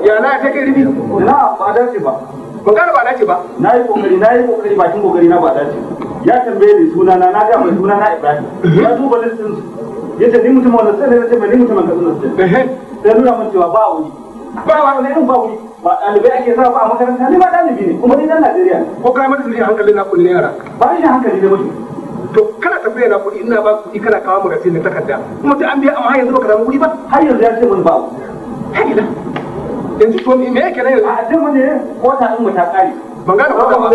ya na ta kirbi na ba dace ba magana ba dace ba na yi tambaye ni suna na na ga mai suna na Ibrahim ya duba listin ya ce ni mutum wannan sai ne ce mai ni mutum wannan sai sai nuna mun cewa ba wuri ba wa ne ba wuri ba ɗalibai ake sa ba a makaranta ni ba ɗalibi ne kuma ni dan Najeriya ko kai mutum ne hankalin na kullun yara ba ni hankali ne mutum to bai na kuɗi ina ba kuɗi kana kawo mu rafi na takarda kuma ta an biya amma yanzu baka samu kuɗi ba har yanzu ya ce mun ba har ina yanzu to me yake nan yanzu a zan mun ne ta in mu ta kare ban gane kota ba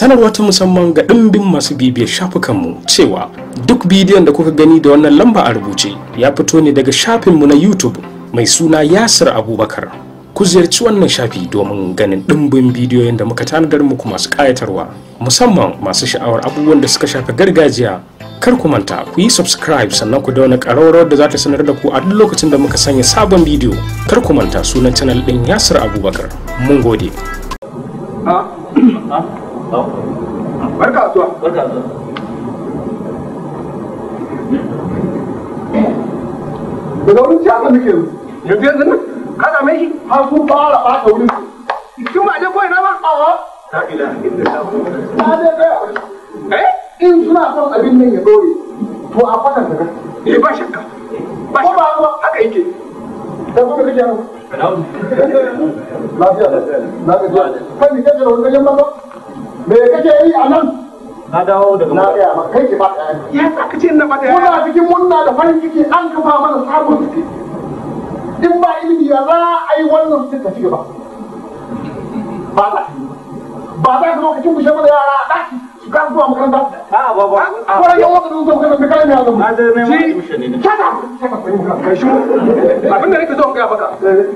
sanarwa ta musamman ga ɗimbin masu bibiyar shafukanmu cewa duk bidiyon da kuka gani da wannan lamba a rubuce ya fito ne daga shafinmu na youtube mai suna yasir abubakar ku ziyarci wannan shafi domin ganin ɗimbin bidiyoyin da muka tanadar muku masu ƙayatarwa musamman masu sha'awar abubuwan da suka shafi gargajiya kar ku manta ku yi subscribe sannan ku dauna ƙararrawar da za ta sanar da ku a duk lokacin da muka sanya sabon bidiyo kar ku manta sunan canal ɗin yasir abubakar mun gode ah, ah, ah. yanzu yanzu ka same shi har kun fara ɓata wurin kin ba je ko na ba a'a la ilaha illallah ta dai ga eh in suna son abin nan ya dore to a kwatanta ka eh ba shakka ba shakka haka yake da kuma kake yaro lafiya na ga jiya kai ne kake wani gajen banza me kake yi a nan na dawo daga na ga kai ki ba ya sa kace na ba da yana cikin munna da farin ciki an kafa mana sabon ciki ya za a yi wannan mutum tafi ci gaba ba za ba za ka zo ka kimbushe mana yara a ɗaki su kan zuwa makaranta a ba ba a kwaran yawan da zuwa makaranta mai kalan yawon mu shi kyata kai shi abin da nake zo ga baka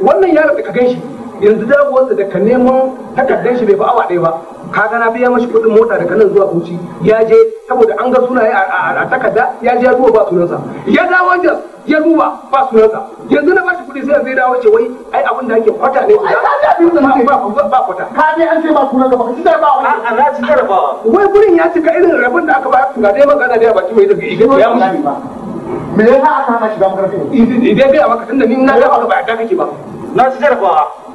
wannan yaron da ka gan shi yanzu dawowarsa da ka neman takardar shi bai fi awa ɗaya ba kaga na biya mashi kuɗin mota daga nan zuwa Bauchi ya je saboda an ga sunaye a takarda ya je ya duba ba sunansa ya dawo wajen ya duba ba sunansa yanzu na bashi kuɗi sai ya dawo ce wai ai abin da ake kwata ne ba ba kwata ka ne an ce ba sunansa ba ji ba wani a na ci jarabawa wai gurin ya cika irin rabin da aka ba ga dai magana da ya baki mai daga igiya ya mushi me yasa aka hana shi ba makarantar idan a maka tunda ni na ga maka ba ka ke ba na ci jarabawa